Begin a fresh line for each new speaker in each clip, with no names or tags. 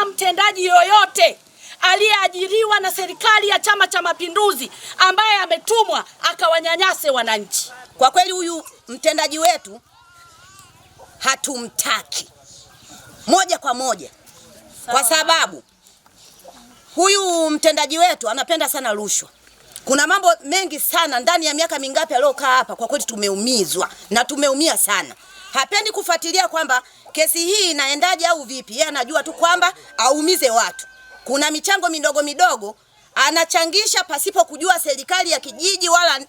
Hakuna mtendaji yoyote aliyeajiriwa na serikali ya Chama cha Mapinduzi ambaye ametumwa akawanyanyase wananchi.
Kwa kweli, huyu mtendaji wetu hatumtaki moja kwa moja, kwa sababu huyu mtendaji wetu anapenda sana rushwa. Kuna mambo mengi sana ndani ya miaka mingapi aliyokaa hapa, kwa kweli tumeumizwa na tumeumia sana hapendi kufuatilia kwamba kesi hii inaendaje au vipi. Yeye anajua tu kwamba aumize watu. Kuna michango midogo midogo anachangisha pasipo kujua serikali ya kijiji wala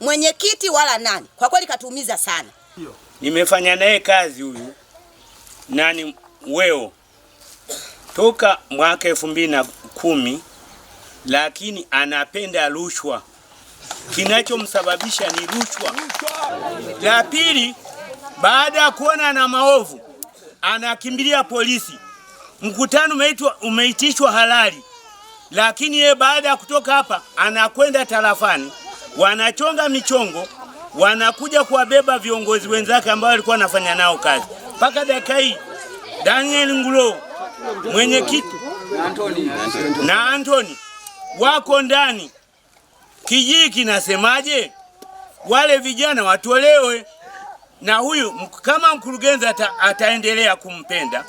mwenyekiti wala nani. Kwa kweli katuumiza sana.
Nimefanya naye kazi huyu nani weo toka mwaka elfu mbili na kumi, lakini anapenda rushwa. Kinachomsababisha ni rushwa. La pili baada ya kuona na maovu, anakimbilia polisi. Mkutano umeitwa umeitishwa halali, lakini yeye baada ya kutoka hapa anakwenda tarafani, wanachonga michongo, wanakuja kuwabeba viongozi wenzake ambao walikuwa wanafanya nao kazi. Mpaka dakika hii Daniel Ngulo mwenyekiti na Antoni wako ndani. Kijiji kinasemaje? Wale vijana watolewe na huyu kama mkurugenzi ata, ataendelea kumpenda,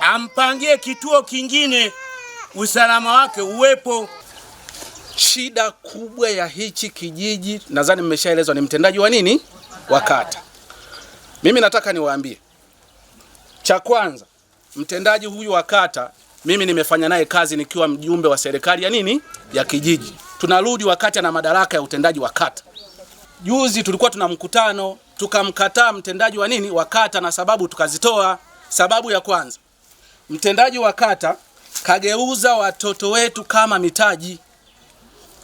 ampangie kituo kingine, usalama wake uwepo.
Shida kubwa ya hichi kijiji nadhani mmeshaelezwa ni mtendaji wa nini wa kata. Mimi nataka niwaambie, cha kwanza, mtendaji huyu wa kata mimi nimefanya naye kazi nikiwa mjumbe wa serikali ya nini ya kijiji. Tunarudi wakati na madaraka ya utendaji wa kata. Juzi tulikuwa tuna mkutano tukamkataa mtendaji wa nini wa kata, na sababu tukazitoa. Sababu ya kwanza, mtendaji wa kata kageuza watoto wetu kama mitaji.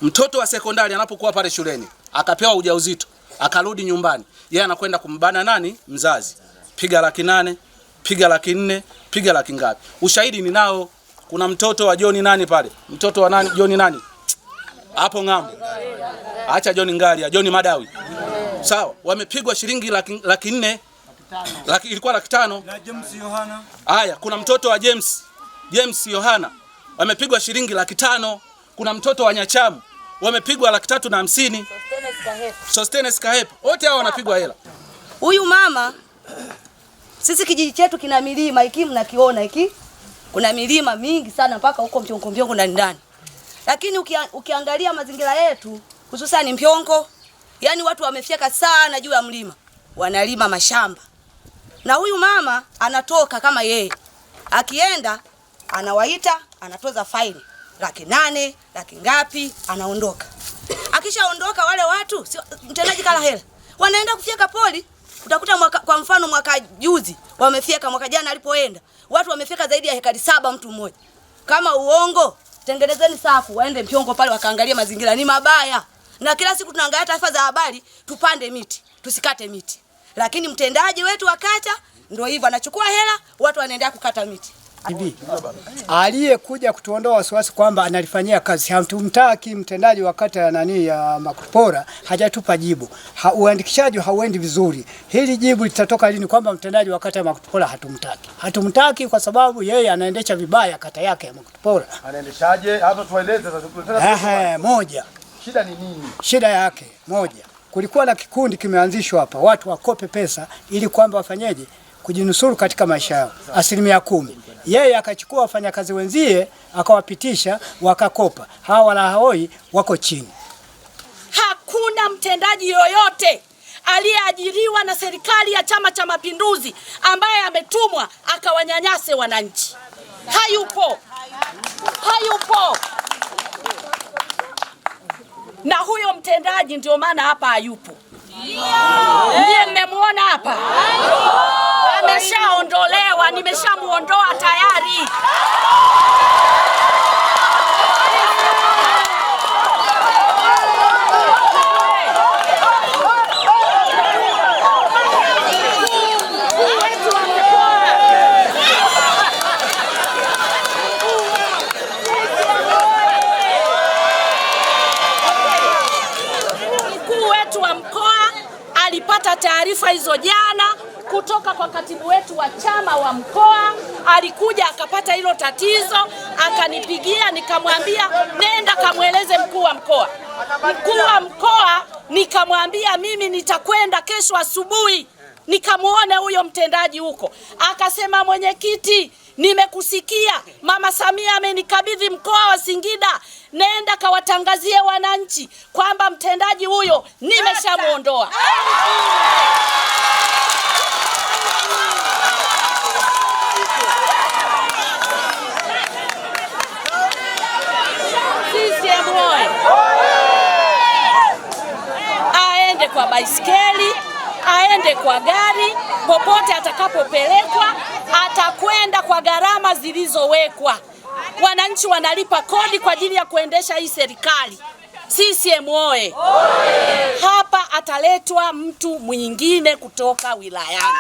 Mtoto wa sekondari anapokuwa pale shuleni akapewa ujauzito akarudi nyumbani, yeye anakwenda kumbana nani? Mzazi, piga laki nane, piga laki nne, piga laki ngapi? Ushahidi ninao. Kuna mtoto wa joni nani pale, mtoto wa nani Joni nani hapo ng'ambo, acha John Ngalia, Joni Madawi sawa, wamepigwa shilingi laki, laki nne laki, ilikuwa laki tano. Haya, kuna mtoto wa James James Yohana wamepigwa shilingi laki tano. Kuna mtoto wa Nyachamu wamepigwa laki tatu na hamsini. Sostenes Kahep, wote hao wanapigwa hela.
Huyu mama, sisi kijiji chetu kina milima iki, mnakiona iki, kuna milima mingi sana mpaka huko Mchongo Mchongo ndani ndani, lakini ukia, ukiangalia mazingira yetu hususan Mpyongo Yaani watu wamefyeka sana juu ya mlima, wanalima mashamba, na huyu mama anatoka kama yeye, akienda anawaita, anatoza faini laki nane laki ngapi, anaondoka. Akishaondoka wale watu si, mtendaji kala hela, wanaenda kufyeka poli. Utakuta mwaka, kwa mfano mwaka juzi wamefyeka, mwaka jana alipoenda watu wamefyeka zaidi ya hekari saba mtu mmoja. Kama uongo, tengenezeni safu, waende Mpyongo pale wakaangalia mazingira ni mabaya na kila siku tunaangalia taarifa za habari, tupande miti tusikate miti, lakini mtendaji wetu wa kata ndio hivyo, anachukua hela, watu wanaendelea kukata miti.
Aliyekuja kutuondoa wasiwasi kwamba analifanyia kazi, hatumtaki mtendaji wa kata ya nani ya Makupora, hajatupa jibu. Ha, uandikishaji hauendi vizuri. Hili jibu litatoka lini kwamba mtendaji wa kata ya Makupora hatumtaki? Hatumtaki kwa sababu yeye anaendesha vibaya kata yake ya Makupora. Anaendeshaje? Hapo tueleze sasa. Moja Shida ni nini? Shida yake moja, kulikuwa na kikundi kimeanzishwa hapa, watu wakope pesa ili kwamba wafanyeje kujinusuru katika maisha yao asilimia kumi. Yeye akachukua wafanyakazi wenzie akawapitisha, wakakopa. Hawa walahoi wako chini.
Hakuna mtendaji yoyote aliyeajiriwa na serikali ya Chama cha Mapinduzi ambaye ametumwa akawanyanyase wananchi. Hayupo, hayupo na huyo mtendaji, ndio maana hapa hayupo. niye mmemwona hapa, ameshaondolewa, nimeshamuondoa tayari. Tulipata taarifa hizo jana kutoka kwa katibu wetu wa chama wa mkoa, alikuja akapata hilo tatizo, akanipigia nikamwambia, nenda kamweleze mkuu wa mkoa. Mkuu wa mkoa nikamwambia, mimi nitakwenda kesho asubuhi nikamwona huyo mtendaji huko, akasema mwenyekiti, nimekusikia mama Samia amenikabidhi mkoa wa Singida, nenda kawatangazie wananchi kwamba mtendaji huyo nimeshamwondoa. Aende kwa baiskeli aende kwa gari, popote atakapopelekwa atakwenda kwa gharama zilizowekwa. Wananchi wanalipa kodi kwa ajili ya kuendesha hii serikali. CCM oye! Hapa ataletwa mtu mwingine kutoka wilayani.